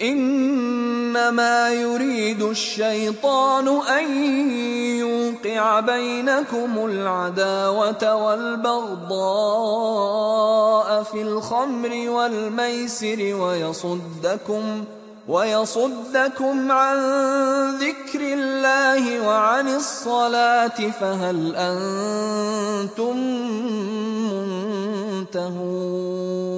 انما يريد الشيطان ان يوقع بينكم العداوه والبغضاء في الخمر والميسر ويصدكم ويصدكم عن ذكر الله وعن الصلاه فهل انتم منتهون